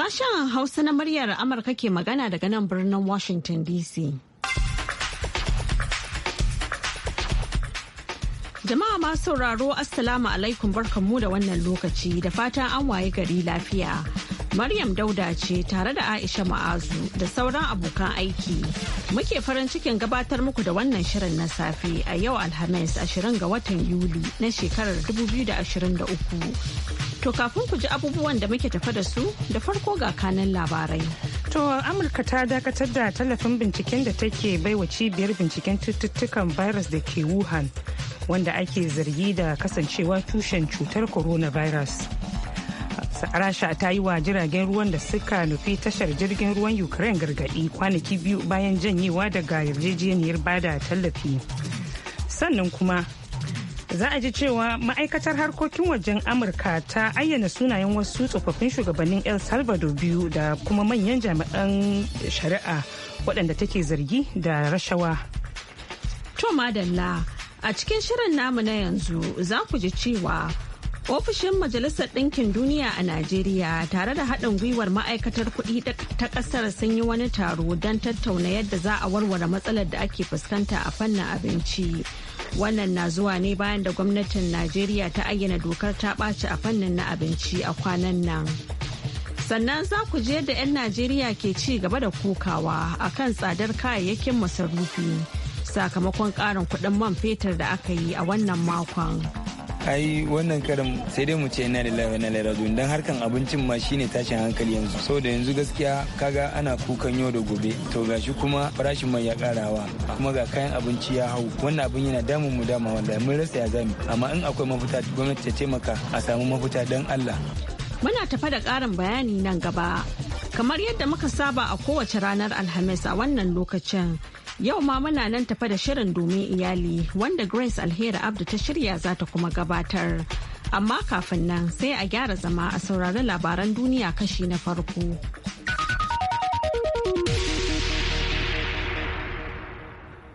Sashen Hausa na muryar Amurka ke magana daga nan birnin Washington DC. Jama'a masu sauraro Assalamu alaikum barkanmu da wannan lokaci da fatan an waye gari lafiya. Maryam Dauda ce tare da Aisha Ma'azu da sauran abokan aiki. Muke farin cikin gabatar muku da wannan shirin na safe a yau Alhamis 20 ga watan Yuli na shekarar 2023. To kafin ku ji abubuwan da muke tafa da su da farko ga kanan labarai. To Amurka ta dakatar da tallafin binciken da take baiwa cibiyar binciken cututtukan virus da ke Wuhan wanda ake zargi da kasancewa tushen cutar coronavirus. virus. rasha ta yi wa jiragen ruwan da suka nufi tashar jirgin ruwan ukraine gargadi kwanaki biyu bayan janyewa daga yarjejeniyar bada tallafi sannan kuma za a ji cewa ma'aikatar harkokin wajen amurka ta ayyana sunayen wasu tsofaffin shugabannin el salvador biyu da kuma manyan jami'an shari'a waɗanda take zargi da rashawa to madalla a cikin shirin namu na yanzu za ku ji cewa Ofishin Majalisar Ɗinkin Duniya a Najeriya tare da haɗin gwiwar ma'aikatar kuɗi ta ƙasar sun yi wani taro don tattauna yadda za a warware matsalar da ake fuskanta a fannin abinci. Wannan na zuwa ne bayan da gwamnatin Najeriya ta ayyana dokar ta ɓaci a fannin na abinci a kwanan nan. Sannan za ku je da 'yan Najeriya ke ci gaba da kokawa a kan tsadar kayayyakin masarufi sakamakon ƙarin kuɗin man fetur da aka yi a wannan makon. ai wannan karin sai dai mu ce na da lawa na zuwa don harkan abincin ma shine tashin hankali yanzu saboda yanzu gaskiya kaga ana kukan yau da gobe to gashi kuma farashin mai ya karawa kuma ga kayan abinci ya hau wannan abin yana damun mu dama wanda mun rasa ya zami amma in akwai mafita gwamnati ta taimaka a samu mafita don Allah muna tafa da karin bayani nan gaba kamar yadda muka saba a kowace ranar alhamis a wannan lokacin Yau ma muna nan tafa da shirin domin iyali wanda Grace Alheri Abdu ta shirya za ta kuma gabatar. Amma kafin nan sai a gyara zama a saurari labaran duniya kashi na farko.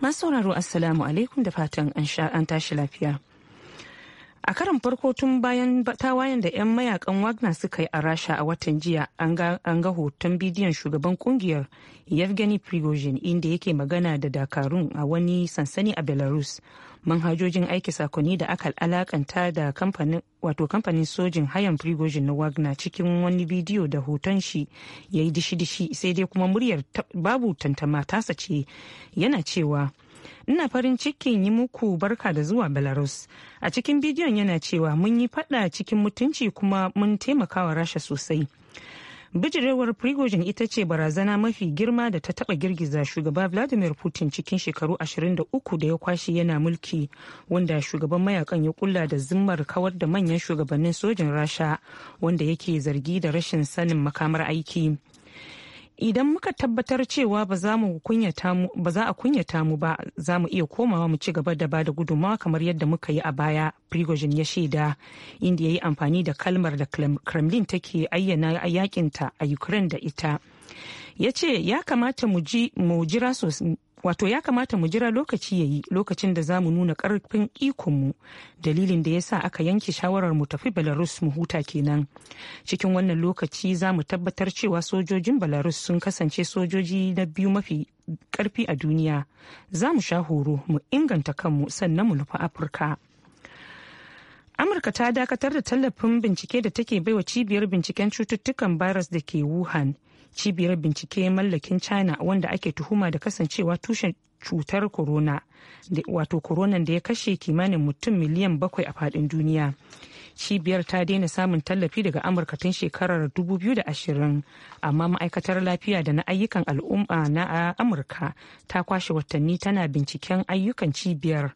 sauraro Assalamu alaikum da fatan an tashi lafiya. a karan farko tun bayan tawayen da 'yan mayakan wagner suka yi a rasha a watan jiya an ga hoton bidiyon shugaban kungiyar yevgeny prigozhin inda yake magana da dakarun a wani sansani a belarus manhajojin aiki sakonni da aka alakanta da kamfanin wato kamfanin sojin hayan prigozhin na wagner cikin wani bidiyo da hoton shi ya yi dishi-dishi sai dai kuma muryar babu tantama tasa ce yana cewa ina farin cikin yi muku barka da zuwa belarus a cikin bidiyon yana cewa mun yi fada cikin mutunci kuma mun taimakawa rasha sosai bijirewar prigozhin ita ce barazana mafi girma da ta taba girgiza shugaba vladimir putin cikin shekaru 23 da ya kwashe yana mulki wanda shugaban mayakan ya kulla da zimmar kawar da manyan shugabannin sojin rasha wanda yake zargi da rashin sanin makamar aiki idan muka tabbatar cewa ba za a kunyata mu ba za mu iya komawa mu ci gaba da ba da gudunmawa kamar yadda muka yi a baya prigozhin ya shaida inda ya yi amfani da kalmar da kremlin take ayyana yakinta a ukraine da ita ya ce ya kamata mu jira wato ya kamata mu jira lokaci ya yi lokacin da za mu nuna karfin ikonmu dalilin da ya sa aka yanke shawarar mu tafi belarus mu huta kenan cikin wannan lokaci za mu tabbatar cewa sojojin belarus sun kasance sojoji na biyu mafi karfi a duniya za mu sha horo mu inganta kanmu sannan mu nufi afirka amurka ta dakatar da tallafin bincike da take baiwa cibiyar binciken cututtukan virus da ke wuhan cibiyar bincike mallakin china wanda ake tuhuma da kasancewa tushen cutar corona wato corona da ya kashe kimanin mutum miliyan bakwai a fadin duniya cibiyar ta daina samun tallafi daga amurka tun shekarar 2020 amma ma'aikatar lafiya da na ayyukan al'umma na amurka ta kwashe watanni tana binciken ayyukan cibiyar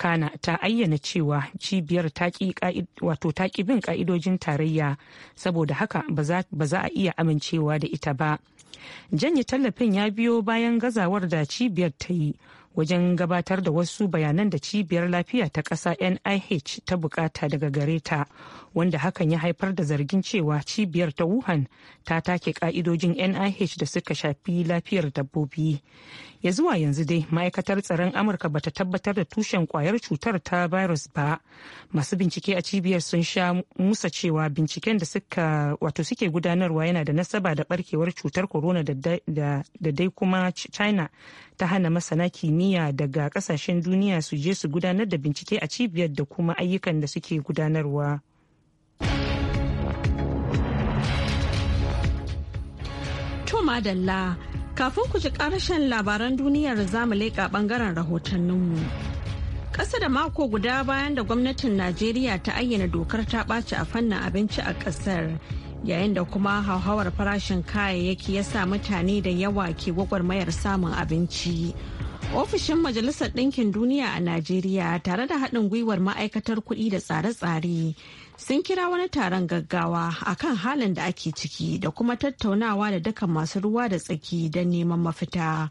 kana ta ayyana cewa cibiyar ta ƙi bin ƙa'idojin tarayya saboda haka ba za a iya amincewa da ita ba janye tallafin ya biyo bayan gazawar da cibiyar ta yi wajen gabatar da wasu bayanan da cibiyar lafiya ta ƙasa nih ta bukata daga gare ta wanda hakan ya haifar da zargin cewa cibiyar ta wuhan ta take ka'idojin nih da suka shafi lafiyar dabbobi ya zuwa yanzu dai ma'aikatar tsaron amurka bata tabbatar da tushen kwayar cutar ta virus ba masu bincike a cibiyar sun sha musa cewa binciken da suka wato suke gudanarwa yana da nasaba da barkewar cutar corona da dai kuma china ta hana masana kimiyya daga kasashen duniya su je su gudanar da bincike a cibiyar da kuma ayyukan da suke gudanarwa. To madalla Kafin ku ji karshen labaran duniyar zamu leƙa ɓangaren rahotanninmu. Ƙasa da mako guda bayan da gwamnatin Najeriya ta ayyana dokar ta ɓaci a fannin abinci a ƙasar. Yayin da kuma hauhawar farashin kayayyaki ya sa mutane da yawa ke gwagwarmayar samun abinci. Ofishin Majalisar Ɗinkin Duniya a Najeriya tare da haɗin gwiwar ma'aikatar kuɗi da tsare-tsare sun kira wani taron gaggawa a kan halin da ake ciki da kuma tattaunawa da duka masu ruwa da tsaki don neman mafita.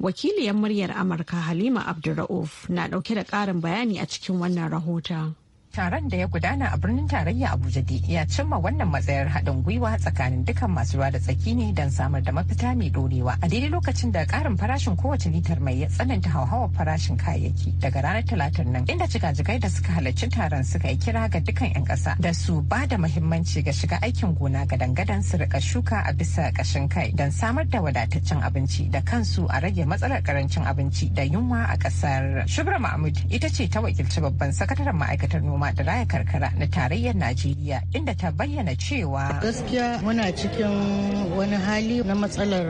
Wakiliyar muryar Amurka Halima Abdulra'uf na ɗauke da ƙarin bayani a cikin wannan rahoton. taron da ya gudana a birnin tarayya abuja dai ya cimma wannan matsayar haɗin gwiwa tsakanin dukkan masu ruwa da tsaki ne don samar da mafita mai dorewa a daidai lokacin da ƙarin farashin kowace litar mai ya tsananta hauhawar farashin kayayyaki daga ranar talatin nan inda jigajigai da suka halarci taron suka yi kira ga dukkan 'yan ƙasa da su ba da muhimmanci ga shiga aikin gona ga dangadan su rika shuka a bisa ƙashin kai don samar da wadataccen abinci da kansu a rage matsalar karancin abinci da yunwa a ƙasar shubra mahmud ita ce ta wakilci babban sakataren ma'aikatar noma manoma da raya karkara na tarayyar najeriya inda ta bayyana cewa gaskiya muna cikin wani hali na matsalar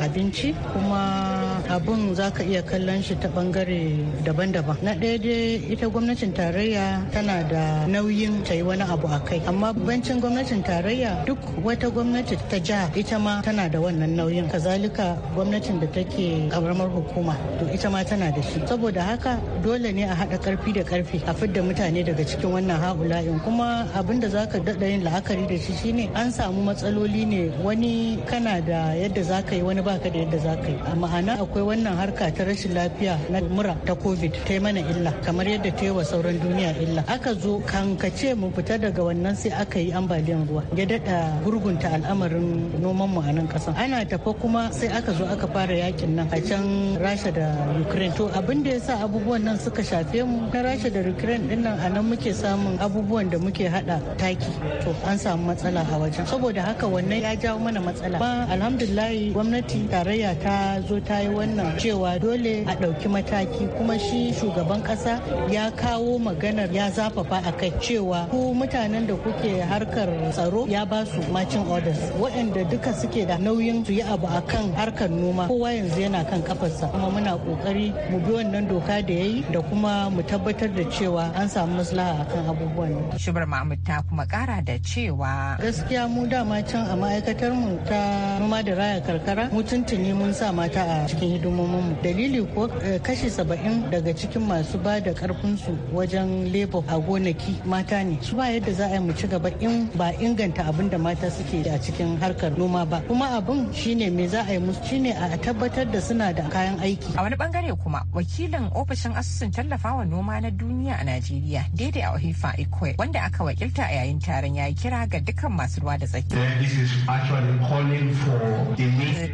abinci kuma abun za ka iya kallon shi ta bangare daban-daban na ɗaya dai ita gwamnatin tarayya tana da nauyin ta yi wani abu a kai amma bancin gwamnatin tarayya duk wata gwamnati ta jiha ita ma tana da wannan nauyin kazalika gwamnatin da take karamar hukuma to ita ma tana da shi saboda haka dole ne a haɗa karfi da karfi a fidda mutane daga cikin wannan haula'in kuma abin da zaka daɗa yin la'akari da shi shine an samu matsaloli ne wani kana da yadda za ka yi wani baka da yadda za ka yi a ma'ana akwai akwai wannan harka ta rashin lafiya na mura ta covid ta mana illa kamar yadda ta yi wa sauran duniya illa aka zo kankace mu fita daga wannan sai aka yi ambaliyan ruwa ya dada gurgunta al'amarin noman mu a nan kasa. ana tafa kuma sai aka zo aka fara yakin nan a can rasha da ukraine to abin da ya sa abubuwan nan suka shafe mu na rasha da ukraine din nan a nan muke samun abubuwan da muke hada taki to an samu matsala a wajen saboda haka wannan ya jawo mana matsala ba alhamdulillah gwamnati tarayya ta zo ta yi wannan cewa dole a ɗauki mataki kuma shi shugaban ƙasa ya kawo maganar ya zafafa a kai cewa ku mutanen da kuke harkar tsaro ya ba su macin orders waɗanda duka suke da nauyin su yi abu akan harkar noma kowa yanzu yana kan kafarsa kuma muna kokari mu bi wannan doka da yayi da kuma mu tabbatar da cewa an samu maslaha akan abubuwan shibar mahmud ta kuma kara da cewa gaskiya mu dama can a ma'aikatar mu ta noma da raya karkara mu tuntuni mun sa mata a cikin hidimomin mu dalili ko eh, kashi saba'in daga cikin masu ba da karfinsu wajen lebo a gonaki mata ne su ba yadda za a yi mu ci gaba in ba inganta abin da mata suke a cikin harkar noma ba kuma abin shine me za a yi musu shine a tabbatar da suna da kayan aiki a wani bangare kuma wakilin ofishin asusun tallafawa noma na duniya a najeriya daidai a ohifa ikwe wanda aka wakilta a yayin taron ya kira ga dukkan masu ruwa da tsaki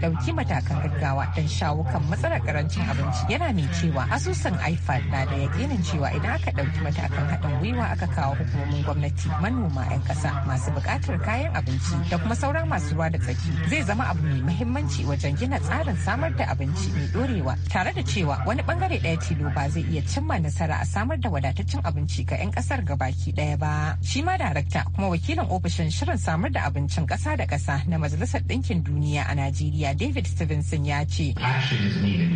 dauki eh, matakan gaggawa don shawo kan matsalar karancin abinci yana mai cewa asusun ifad na da yakinin cewa idan aka ɗauki matakan haɗin gwiwa aka kawo hukumomin gwamnati manoma 'yan ƙasa masu buƙatar kayan abinci da kuma sauran masu ruwa da tsaki zai zama abu mai muhimmanci wajen gina tsarin samar da abinci mai ɗorewa tare da cewa wani bangare ɗaya tilo ba zai iya cimma nasara a samar da wadataccen abinci ga 'yan ƙasar gabaki ɗaya ba shi ma darakta kuma wakilin ofishin shirin samar da abincin ƙasa da ƙasa na majalisar ɗinkin duniya a najeriya david stevenson ya ce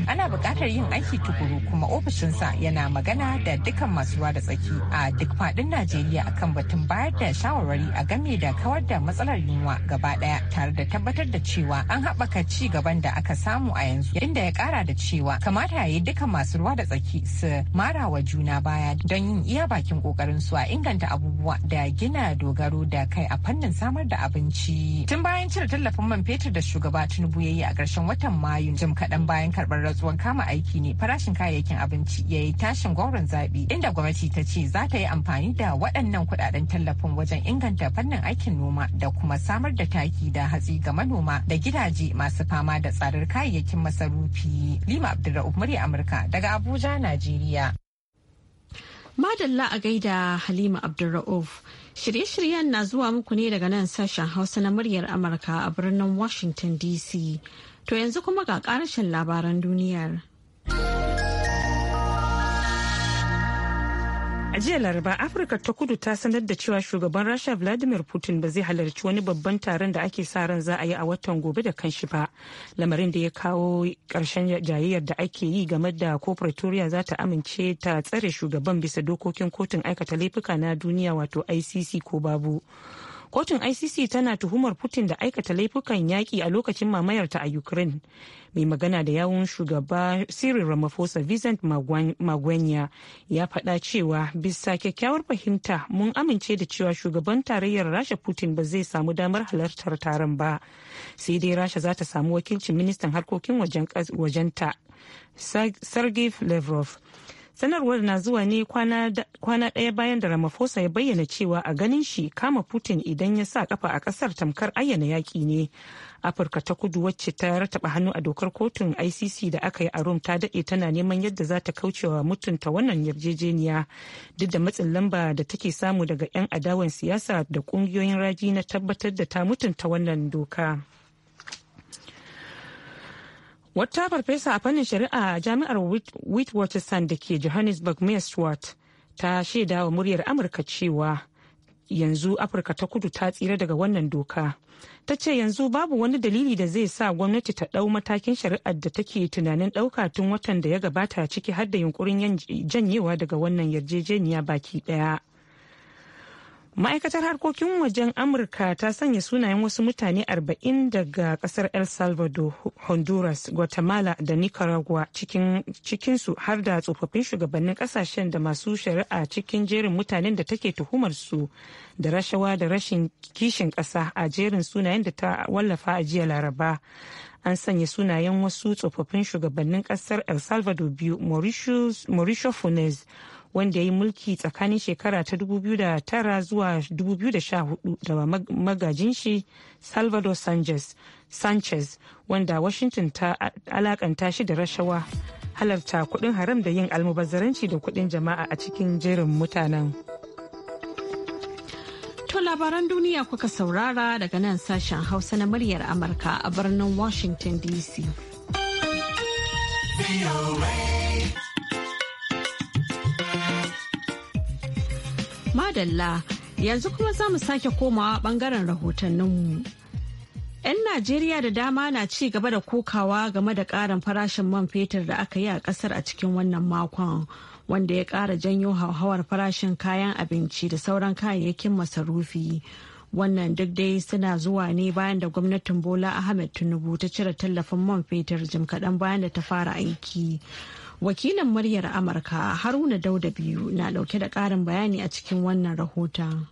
Ana buƙatar yin aiki tukuru kuma ofishinsa yana magana da dukkan masu ruwa da tsaki a duk faɗin Najeriya akan batun bayar da shawarwari a game da kawar da matsalar yunwa gaba ɗaya tare da tabbatar da cewa an haɓaka ci gaban da aka samu a yanzu inda ya ƙara da cewa kamata ya yi dukkan masu ruwa da tsaki su mara wa juna baya don yin iya bakin ƙoƙarin su a inganta abubuwa da gina dogaro da kai a fannin samar da abinci. Tun bayan cire tallafin man fetur da shugaba Tinubu ya a karshen watan Mayu jim kaɗan bayan karbar ratsuwar kama aiki ne farashin kayayyakin abinci ya yi tashin gwauron zaɓi inda gwamnati ta ce za ta yi amfani da waɗannan kuɗaɗen tallafin wajen inganta fannin aikin noma da kuma samar da taki da hatsi ga manoma da gidaje masu fama da tsadar kayayyakin masarufi. Lima Abdulra'uf murya Amurka daga Abuja, Najeriya. Madalla a gaida Halima Abdulra'uf. Shirye-shiryen na zuwa muku ne daga nan sashen Hausa na muryar Amurka a birnin Washington DC. To yanzu kuma ga ƙarashin labaran duniyar. A jiya Laraba, Afirka ta kudu ta sanar da cewa shugaban Rasha Vladimir Putin ba zai halarci wani babban taron da ake sa ran za a yi a watan gobe da kanshi ba. Lamarin da ya kawo ƙarshen jayayyar da ake yi game da ko Pretoria za ta amince ta tsare shugaban bisa dokokin kotun aikata laifuka na duniya wato ICC ko babu. kotun icc tana tuhumar putin da aikata laifukan yaƙi a lokacin mamayarta a ukraine mai magana da yawun shugaba cyril ramaphosa vincent magwanya ya faɗa cewa bisa kyakkyawar fahimta mun amince da cewa shugaban tarayyar rasha putin ba zai samu damar halartar taron ba sai dai rasha za ta samu wakilcin ministan harkokin wajenta sergei lavrov sanarwar na zuwa ne kwana ɗaya bayan da ramaphosa ya bayyana cewa a ganin shi kama putin idan ya sa kafa a ƙasar tamkar ayyana yaƙi ne afirka ta kudu wacce ta rataba hannu a dokar kotun icc da aka yi a rome ta daɗe tana neman yadda za ta kaucewa mutunta wannan yarjejeniya duk da matsin lamba da take samu daga 'yan adawan siyasa da ƙungiyoyin raji na tabbatar da ta mutunta wannan doka. Wata farfesa a fannin shari'a a jami'ar Witwatersrand da ke Johannesburg Mayor Stewart ta shaida wa muryar Amurka cewa yanzu Afirka ta kudu ta tsira daga wannan doka. Ta ce yanzu babu wani dalili da zai sa gwamnati ta ɗau matakin shari'ar da take tunanin ɗauka tun watan da ya gabata ciki har da yunkurin janyewa daga wannan yarjejeniya baki ɗaya. ma'aikatar harkokin wajen amurka ta sanya sunayen wasu mutane 40 daga kasar el salvador honduras guatemala da nicaragua su har da tsofaffin shugabannin kasashen da masu shari'a cikin jerin mutanen da take tuhumar su da rashawa da rashin kishin kasa a jerin sunayen da ta wallafa a jiya laraba an sanya sunayen wasu tsofaffin shugabannin kasar el salvador biyu mauricio funes wanda ya yi mulki tsakanin shekara ta 2009 zuwa 2014 da magajin shi salvador sanchez sanchez wanda washington ta alakanta shi da rashawa halarta kudin haram da yin almubazzaranci da kudin jama'a a cikin jerin mutanen To labaran duniya kuka saurara daga nan sashen hausa na muryar amurka a birnin washington dc. Madalla yanzu kuma za mu sake komawa bangaren rahotanninmu. 'Yan Najeriya da dama na ci gaba da kokawa game da ƙarin farashin man fetur da aka yi a ƙasar a cikin wannan makon wanda ya ƙara janyo hauhawar farashin kayan abinci da sauran kayayyakin masarufi Wannan duk dai suna zuwa ne bayan da gwamnatin Bola Ahmed Tinubu ta cire tallafin man fetur jim kaɗan bayan da ta fara aiki. Wakilin muryar Amurka Haruna Dauda biyu na ɗauke da ƙarin bayani a cikin wannan rahoton.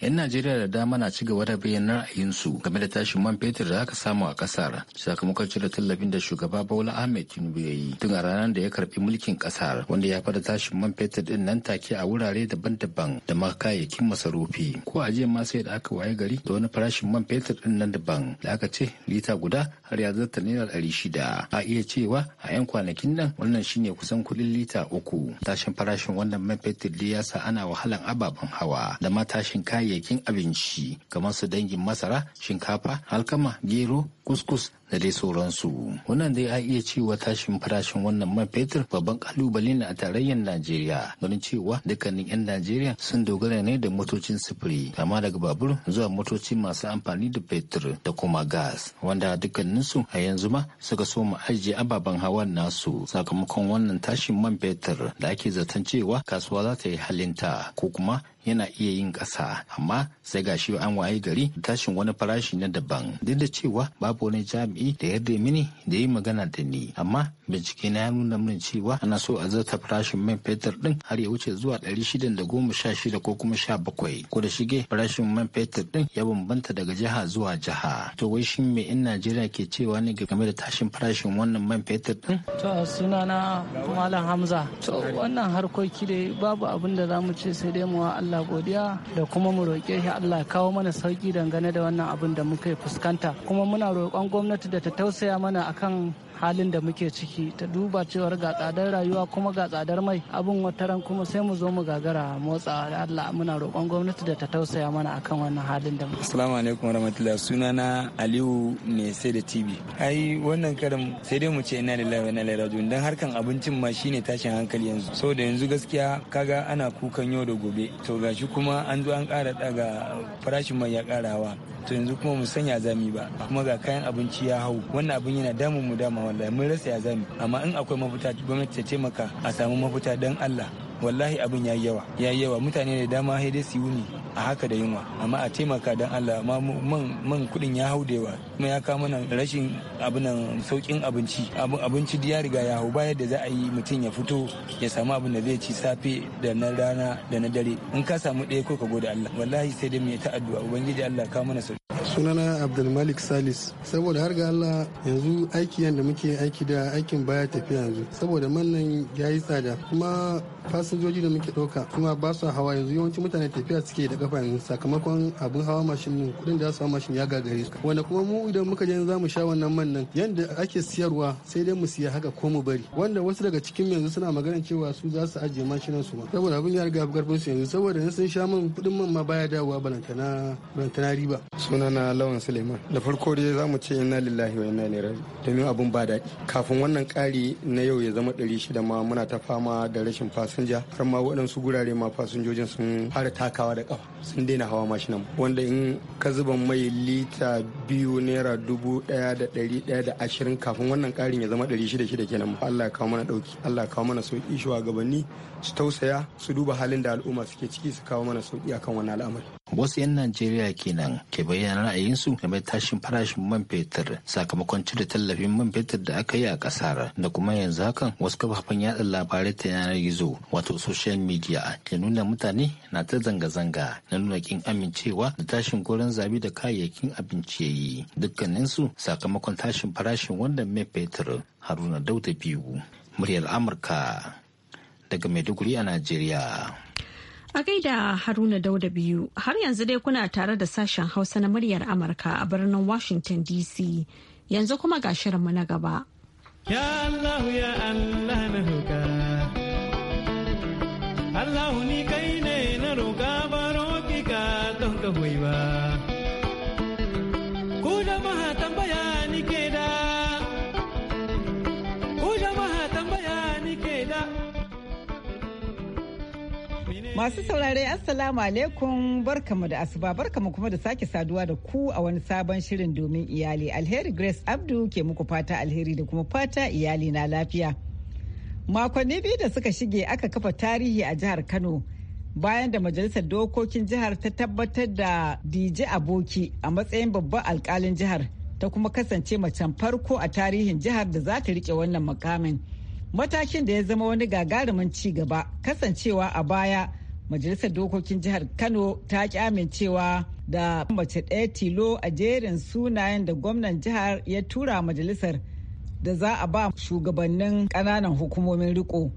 'Yan Najeriya da dama na ci gaba da bayyana ra'ayinsu game da tashin man fetur da aka samu a kasar sakamakon cire tallafin da shugaba Bola Ahmed Tinubu ya yi tun a ranar da ya karbi mulkin ƙasar. wanda ya fada tashin man fetur din nan take a wurare daban-daban da ma kayayyakin masarufi ko a jiya ma sai da aka waye gari da wani farashin man fetur din nan daban da aka ce lita guda har ya zarta naira ɗari shida a iya cewa a 'yan kwanakin nan wannan shine kusan kuɗin lita uku tashin farashin wannan man fetur ya sa ana wahalan ababen hawa da ma tashin kayi kayayyakin abinci kamar su dangin masara shinkafa alkama gero kuskus da dai sauransu. Wannan dai a iya cewa tashin farashin wannan man fetur babban kalubale ne a tarayyar Najeriya ganin cewa dukkanin 'yan Najeriya sun dogara ne da motocin sifiri kama daga babur zuwa motoci masu amfani da fetur da kuma gas wanda dukkaninsu a yanzu ma suka so mu ajiye ababen hawan nasu sakamakon wannan tashin man fetur da ake zaton cewa kasuwa za ta yi halinta ko kuma yana iya yin ƙasa amma sai gashi an waye gari tashin wani farashi na daban duk da cewa babu wani jami. jami'i da yarda mini da yi magana da ni amma bincike na ya nuna min cewa ana so a zarta farashin man fetur din har ya wuce zuwa ɗari shida da goma sha shida ko kuma sha bakwai ko da shige farashin man fetur din ya bambanta daga jiha zuwa jiha to wai shi me in najeriya ke cewa ne game da tashin farashin wannan man fetur din to sunana malam hamza to wannan harkoki dai babu abin da zamu ce sai dai mu Allah godiya da kuma mu roƙe shi Allah kawo mana sauki dangane da wannan abin da muka fuskanta kuma muna roƙon gwamnati da ta tausaya mana akan halin da muke ciki ta duba cewar ga tsadar rayuwa kuma ga tsadar mai abin wataran kuma sai mu zo mu gagara motsa da Allah muna roƙon gwamnati da ta tausaya mana akan wannan halin da muke. Assalamu alaikum suna sunana Aliyu ne sai da TV. Ai wannan karin sai dai mu ce ina lillahi wa inna ilaihi raji'un dan harkan abincin ma shine tashin hankali yanzu. Saboda yanzu gaskiya kaga ana kukan yau da gobe to gashi kuma an zo an ƙara daga farashin mai ya ƙara hawa. To yanzu kuma mu sanya zami ba kuma ga kayan abinci ya hau wannan abin yana damun mu dama wallahi mun rasa ya zami amma in akwai mafita gwamnati ta taimaka a samu mafita dan Allah wallahi abin ya yi yawa ya yawa mutane da dama sai dai su wuni a haka da yunwa amma a taimaka don allah amma man kudin ya hau da yawa kuma ya kawo mana rashin abin nan saukin abinci abinci ya riga ya hau bayar da za a yi mutum ya fito ya samu abin da zai ci safe da na rana da na dare in ka samu ɗaya ko ka gode allah wallahi sai dai mu ta addu'a ubangiji allah ka mana sauki sunana abdulmalik salis saboda har ga allah yanzu aiki yadda muke aiki da aikin baya tafi yanzu saboda nan ya yi tsada kuma fasinjoji da muke ɗauka kuma ba su hawa yanzu yawanci mutane tafiya suke da kafa yanzu sakamakon abin hawa mashin ne kuɗin da su hawa mashin ya gagare wanda kuma mu idan muka je za mu sha wannan man nan yanda ake siyarwa sai dai mu siya haka ko mu bari wanda wasu daga cikin yanzu suna magana cewa su za su ajiye mashinan su ma saboda abin ya riga karfin su yanzu saboda sun sha man kudin man ma baya dawowa balantana balantana riba sunana lawan suleiman da farko dai za mu ce inna lillahi wa inna ilaihi domin abun ba daɗi kafin wannan ƙari na yau ya zama ɗari shida ma muna ta fama da rashin fasinja har ma waɗansu gurare ma fasinjojin sun fara takawa da ƙafa sun daina hawa mashinan wanda in ka zuba mai lita biyu naira dubu ɗaya da ɗari ɗaya da ashirin kafin wannan ƙarin ya zama ɗari shida shida kenan Allah ya kawo mana ɗauki Allah ya kawo mana sauƙi shugabanni su tausaya su duba halin da al'umma suke ciki su kawo mana sauki akan wani al'amari. Wasu 'yan Najeriya kenan ke bayyana ra'ayinsu game tashin farashin man fetur sakamakon cire tallafin man fetur da aka yi a kasar da kuma yanzu hakan wasu kafafen yada labarai ta yanar gizo wato social media ke nuna mutane na ta zanga-zanga na nuna kin amincewa da tashin goron zabi da kayayyakin abinci ya yi dukkaninsu sakamakon tashin farashin wannan man fetur haruna dauda biyu muryar amurka daga Maiduguri a Najeriya. A gaida Haruna Dauda biyu har yanzu dai kuna tare da sashen Hausa na muryar Amurka a birnin Washington DC yanzu kuma ga shirinmu na gaba. Ya Allah ya Allah na roka. Allah ni kai ne na roka baro ki ka don ka Masu saurare Assalamu alaikum barkamu da asuba barkamu kuma da sake saduwa da ku a wani sabon shirin domin iyali. Alheri Grace Abdu ke muku fata alheri da kuma fata iyali na lafiya. Makonni biyu da suka shige aka kafa tarihi a jihar Kano bayan da majalisar dokokin jihar ta tabbatar da dije Aboki a matsayin babban alkalin jihar ta kuma kasance macen farko a tarihin jihar da za ta rike wannan makamin. Matakin da ya zama wani gagarumin ci gaba kasancewa a baya majalisar dokokin jihar kano ta ki amincewa da mace ɗaya tilo a jerin sunayen da gwamnan jihar ya tura majalisar da za a ba shugabannin ƙananan hukumomin riko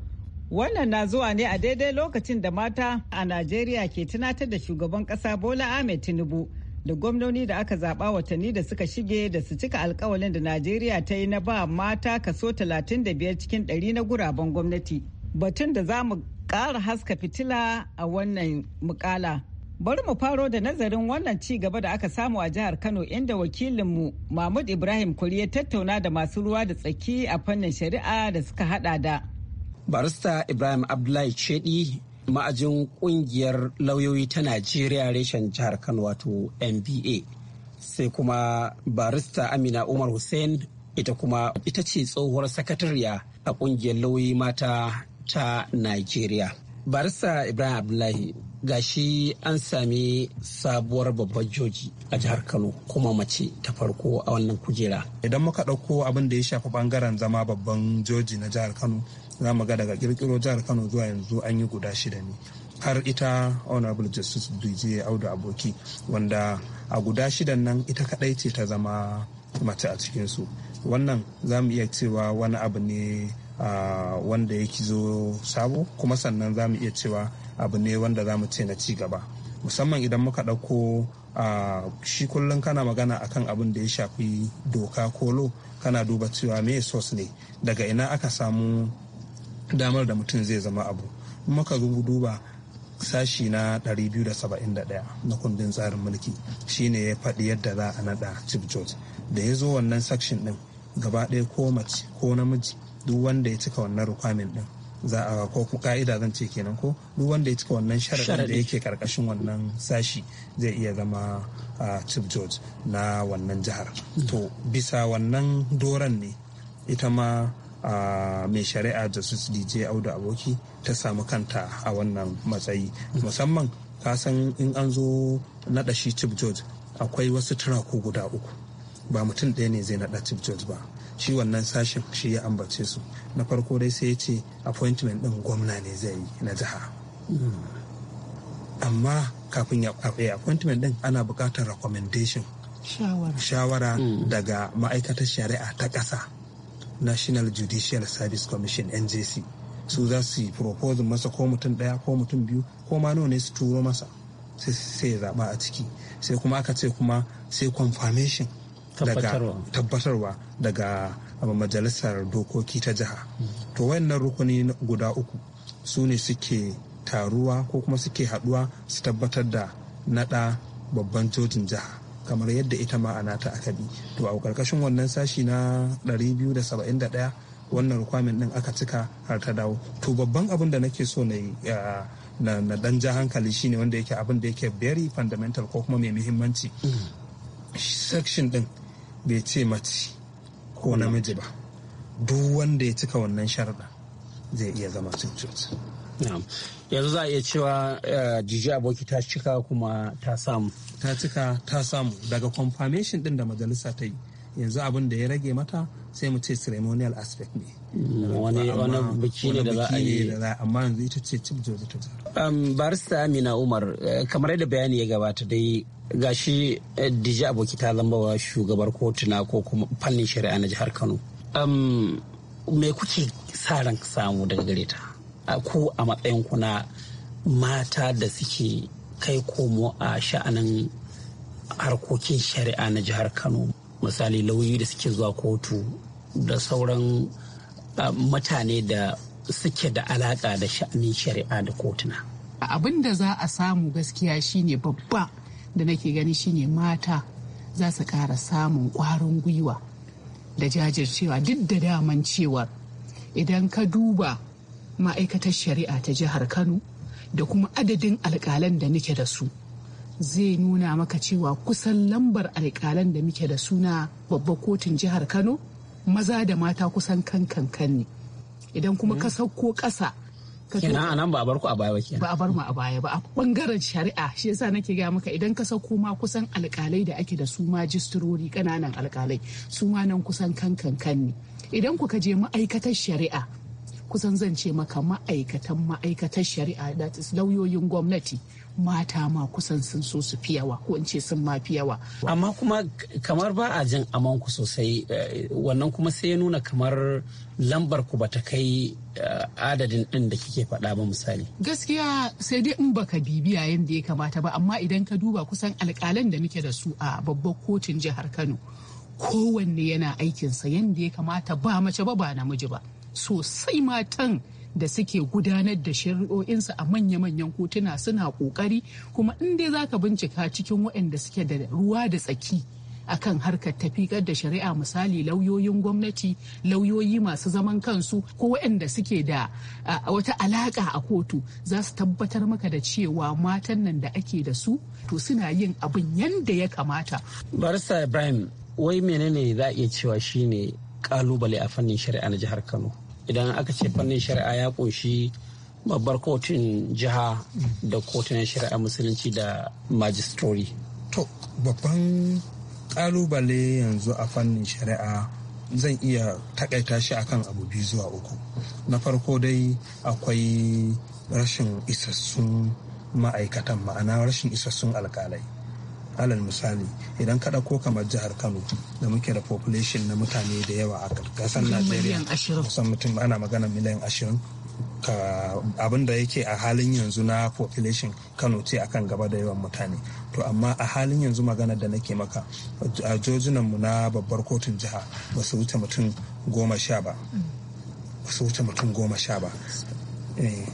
wannan na zuwa ne a daidai lokacin da mata a najeriya ke tunatar da shugaban ƙasa bola ahmed tinubu da gwamnoni da aka zaɓa watanni da suka shige da su cika alkawalin da najeriya ta yi na ba mata kaso 35 cikin 100 na guraben gwamnati batun da za mu Kara haska fitila a wannan mukala. Bari mu faro da nazarin wannan ci gaba da aka samu a jihar Kano inda wakilinmu Mahmud Ibrahim Kuri ya tattauna da masu ruwa da tsaki a fannin shari'a da suka hada da. Barista Ibrahim Abdullahi Shedi ma'ajin kungiyar lauyoyi ta Najeriya reshen jihar Kano wato NBA. Sai kuma barista Amina Umar Hussein ita kuma ita ce tsohuwar sakatariya a kungiyar lauyoyi mata ta Najeriya. Barisa Ibrahim Abdullahi ga shi an sami sabuwar babbar joji a jihar Kano kuma mace ta farko a wannan kujera. Idan muka ɗauko abin da ya shafi bangaren zama babban joji na jihar Kano za mu ga daga kirkiro jihar Kano zuwa yanzu an yi guda shida ne. Har ita Honorable Justice Duje Audu Aboki wanda a guda shidan nan ita kaɗai ce ta zama mace a cikinsu. Wannan za mu iya cewa wani abu ne wanda ya zo sabo kuma sannan za mu iya cewa abu ne wanda za mu ce na ci gaba musamman idan muka ɗauko shi kullum kana magana akan abin da ya shafi doka kolo kana duba cewa me sos ne daga ina aka samu damar da mutum zai zama abu muka duba sashi na 271 na kundin tsarin mulki shine ya faɗi yadda za a naɗa chief george da ya zo wannan section ɗin gaba ɗaya ko mace ko namiji duk wanda ya cika wannan rukwamin din za a ko ka'ida zan ce kenan ko duk wanda ya cika wannan sharaɗin da yake karkashin wannan sashi zai iya zama chief judge na wannan jihar to bisa wannan doron ne ita ma mai shari'a justice dj audu aboki ta samu kanta a wannan matsayi musamman kasan in an zo naɗa shi chief judge akwai wasu turako guda uku ba mutum ɗaya ne zai naɗa chief judge ba shi wannan sashen shi ya ambace su na farko dai sai ya ce appointment din gwamna ne zai yi na jiha amma kafin ya appointment din ana buƙatar recommendation shawara, hmm. daga ma'aikatar shari'a ta ƙasa national judicial service commission njc su za su yi proposal masa ko mutum ɗaya ko mutum biyu ko ma ne su turo masa sai ya zaɓa a ciki sai kuma aka ce kuma sai confirmation tabbatarwa daga uh, majalisar dokoki ta jiha to wayannan rukuni guda uku su ne suke taruwa ko kuma suke haduwa su tabbatar da nada babban jojin jiha kamar yadda ita ma a nata aka bi to a karkashin wannan sashi na 271 wannan rukwamin din aka cika har ta dawo to babban abin da nake so na uh, na dan ja hankali shine wanda yake abin da yake very fundamental ko kuma mai muhimmanci mm. section din bai ce mace ko namiji ba duk wanda ya cika wannan sharaɗa zai iya zama cucut yanzu za a iya cewa eh, jiji aboki ta cika kuma ta samu ta cika ta samu daga confirmation din da majalisa ta yi yanzu abin da ya rage mata sai mu ce ceremonial aspect ne mm, wani biki ne da za a yi amma yanzu ita ce cip ta um, barista amina umar eh, kamar yadda bayani ya gabata dai gashi eh, dija aboki ta zambawa shugabar kotuna ko kuma fannin shari'a na jihar kano me kuke sa ran samu daga gare ta ku a matsayin kuna mata da suke kai komo a sha'anin harkokin shari'a na jihar kano misali lauyi da suke zuwa kotu da sauran mutane da suke da alaka da sha'anin shari'a da kotuna abin da za a samu gaskiya shine babba da nake gani shine mata za su kara samun kwarin gwiwa da jajircewa duk da daman cewa idan ka duba ma'aikatar shari'a ta jihar kano da kuma adadin alkalan da nake da su zai nuna maka cewa kusan lambar alkalan da muke da su na babbar kotun jihar kano maza da mata kusan kan kankan ne idan kuma ka mm. sauko ƙasa kenan a ba a bar ku a baya ba kenan ba a bar mu a baya ba a bangaren shari'a shi yasa nake ga maka idan ka sauko ma kusan alƙalai da ake da su majistirori kananan alƙalai su ma nan kusan kankan kan ne idan kuka je ma'aikatar shari'a kusan zan ce maka ma'aikatan ma'aikatar shari'a da lauyoyin gwamnati mata ma kusan sun so su fi yawa ko in ce sun ma fi yawa. Amma kuma kamar ba a jin amanku sosai eh, wannan kuma sai ya nuna kamar lambar ku bata kai eh, adadin din da kike faɗa ba misali. Gaskiya sai dai in baka bibiya yadda ya kamata ba amma idan ka duba kusan alƙalan da muke da su a babbar kotun jihar Kano kowanne yana aikinsa yadda ya kamata ba mace ba ba namiji ba sosai matan da suke gudanar da shari'o'insu a manya-manyan kotuna suna kokari kuma in dai ka bincika cikin waɗanda suke da ruwa da tsaki akan harkar tafiƙar da shari'a misali lauyoyin gwamnati lauyoyi masu zaman kansu ko waɗanda suke da wata alaƙa a kotu za su tabbatar maka da cewa matan nan da ake da su to suna yin abin yadda ya kamata. barista ibrahim wai menene za a iya cewa shine ƙalubale a fannin shari'a na jihar kano idan aka ce fannin shari'a ya ƙunshi babbar kotun jiha da kotunan shari'a musulunci da majistori. To, babban kalubale yanzu a fannin shari'a zan iya takaita shi akan abu biyu zuwa uku. Na farko dai akwai rashin isassun ma'aikatan ma'ana rashin isassun alkalai. alal misali idan ka ko kamar jihar kano da muke da population na mutane da yawa a ƙasar najeriya kusan mutum ana magana miliyan ashirin abin da yake a halin yanzu na population kano ce akan gaba da yawan mutane to amma a halin yanzu magana da nake maka a mu na babbar kotun jiha ba su wuce mutum goma sha ba ba su wuce mutum goma sha ba eh,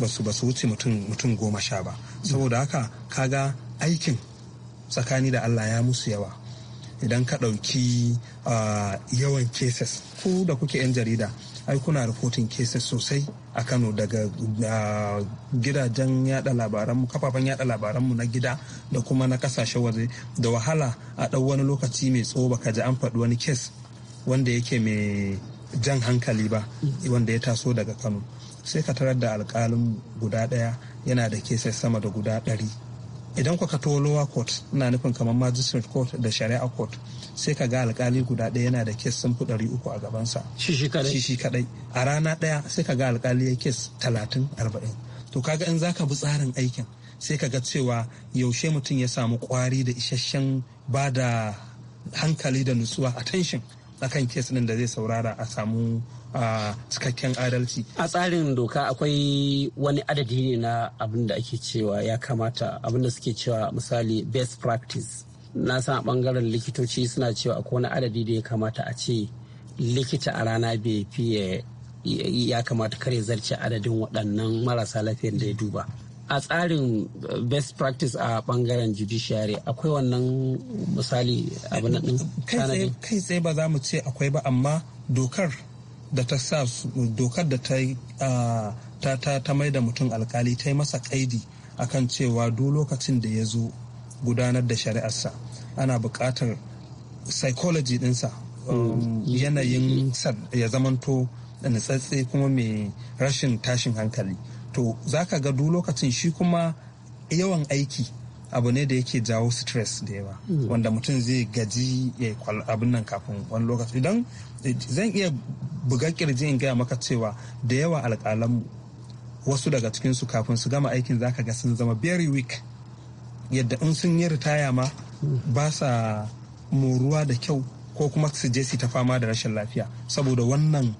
ba su wuce mutum goma sha ba saboda haka kaga aikin tsakani da allah ya musu yawa idan ka ɗauki yawan cases ku da kuke 'yan jarida ai kuna reporting cases sosai a kano daga gidajen yada labaranmu kafafen yada labaranmu na gida da kuma na kasashe waje da wahala a ɗau wani lokaci mai ba baka ji an faɗi wani case wanda yake mai jan hankali ba wanda ya taso daga kano sai ka tarar da alkalin guda ɗaya yana da cases sama da guda ɗari idan kuka to lower court na nufin kamar magistrate court da shari'a court sai ka ga alkali guda ɗaya yana da kes sun fi ɗari uku a gabansa shi shi kadai a rana ɗaya sai ka ga alkali ya kes talatin arba'in to kaga in zaka bi tsarin aikin sai ka ga cewa yaushe mutum ya samu kwari da isasshen ba da hankali da nutsuwa a attention akan kes ɗin da zai saurara a samu cikakken adalci a tsarin doka akwai wani adadi ne na abin da ake cewa ya kamata abin da suke cewa misali best practice na san bangaren likitoci suna cewa akwai wani adadi da ya kamata a ce likita a rana bai fiye ya kamata kare zarce adadin waɗannan marasa lafiyar da ya duba a tsarin eh, best practice a bangaren judiciary akwai wannan misali abin kai tsaye ba za mu ce akwai ba amma dokar da ta sa dokar da ta ta ta ta mai da mutum alkali ta yi masa kaidi akan cewa duk lokacin da ya zo gudanar da shari'arsa ana buƙatar psychology ɗinsa um, mm. yanayin ya zamanto nutsatse kuma mai rashin tashin hankali to za ka ga duk lokacin shi kuma yawan aiki abu ne da yake jawo stress da yawa mm. wanda mutum zai gaji ya yi abin nan kafin wani lokaci idan zan iya buga kirji in gaya maka cewa da yawa alkalanmu wasu daga cikinsu kafin su gama aikin zaka ga sun zama very weak yadda in sun yi ritaya ma ba sa moruwa da kyau ko kuma su je su ta fama da rashin lafiya saboda wannan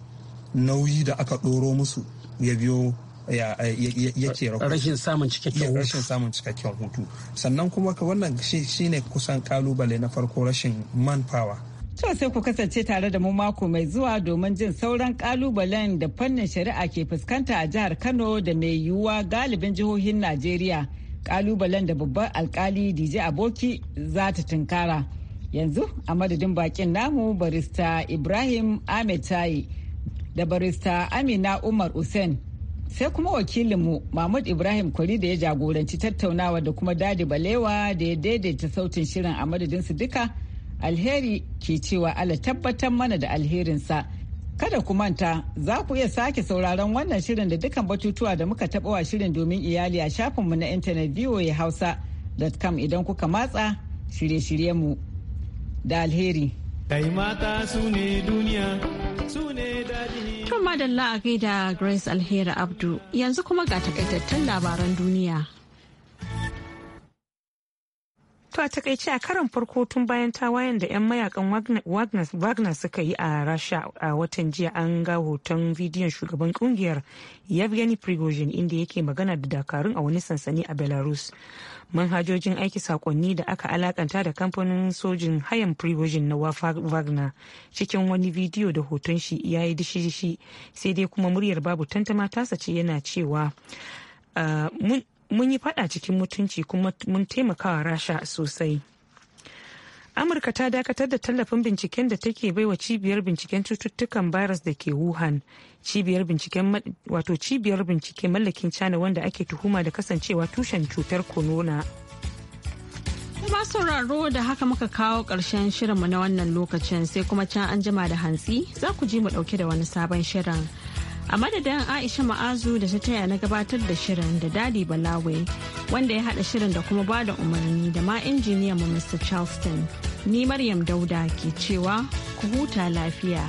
nauyi da aka ɗoro musu ya biyo yake rashin samun cikakken hutu rashin samun cikakken hutu sannan kuma wannan shi kusan kalubale na farko rashin manpower To sai ku kasance tare da mu mako mai zuwa domin jin sauran kalubalen da fannin shari'a ke fuskanta a jihar Kano da mai yiwuwa galibin jihohin Najeriya. Kalubalen da babbar alkali DJ Aboki za ta tunkara. Yanzu a madadin bakin namu barista Ibrahim Ahmed da barista Amina Umar Hussein sai kuma wakilinmu mahmud ibrahim kwari da ya jagoranci tattaunawa da kuma dadi balewa da ya daidaita sautin shirin a madadinsu duka alheri ke cewa ala tabbatar mana da alherinsa kada ku manta za ku iya sake sauraron wannan shirin da dukkan batutuwa da muka taɓa wa shirin domin iyali a shafinmu na intanet voa hausa.com idan kuka matsa shirye-shiryenmu da alheri kai mata duniya su ne daɗi madalla a gaida grace alheri abdu yanzu kuma ga takaitattun labaran duniya To a takaice a karon farko tun bayan tawayen da 'yan mayakan Wagner suka yi a Rasha a watan jiya an ga hoton bidiyon shugaban kungiyar Yevgeny Prigozhin inda yake magana da dakarun a wani sansani a Belarus. Manhajojin aiki sakonni da aka alakanta da kamfanin sojin hayan Prigozhin na Wagner cikin wani bidiyo da hoton shi ya yi dishi sai dai kuma muryar babu tantama tasa ce yana cewa Uh, mun mun yi fada cikin mutunci kuma mun taimakawa rasha sosai amurka ta dakatar da tallafin binciken da take baiwa cibiyar binciken cututtukan virus da ke wuhan cibiyar binciken wato cibiyar bincike mallakin china wanda ake tuhuma da kasancewa tushen cutar corona kuma sauraro da haka muka kawo ƙarshen shirinmu na wannan lokacin sai kuma can an jima da hantsi za ku ji mu ɗauke da wani sabon shirin. a madadin aisha ma'azu da ta taya na gabatar da shirin da dadi balawe wanda ya haɗa shirin da kuma ba da umarni da ma injiniyan mu mr charleston ni maryam dauda ke cewa ku huta lafiya